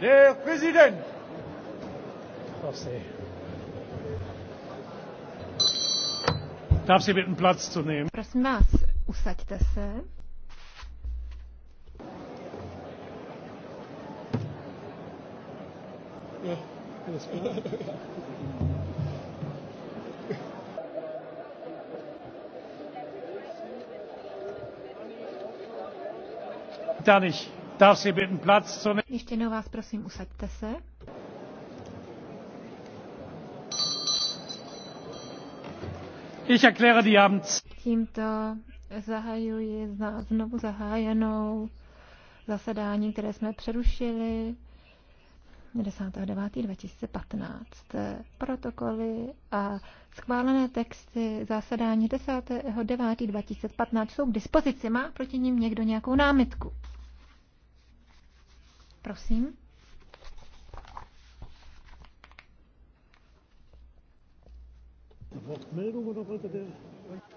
Der Präsident. Darf Sie bitten, Platz zu nehmen? Prosím vás, usaďte se. Da nicht. Ještě jednou vás prosím, usaďte se. Ich erkläre die Tímto zahajuji znovu zahájenou zasedání, které jsme přerušili 10.9.2015. Protokoly a schválené texty zasedání 10.9.2015 jsou k dispozici. Má proti ním někdo nějakou námitku? Prosím. Wortmeldung oder wollte der?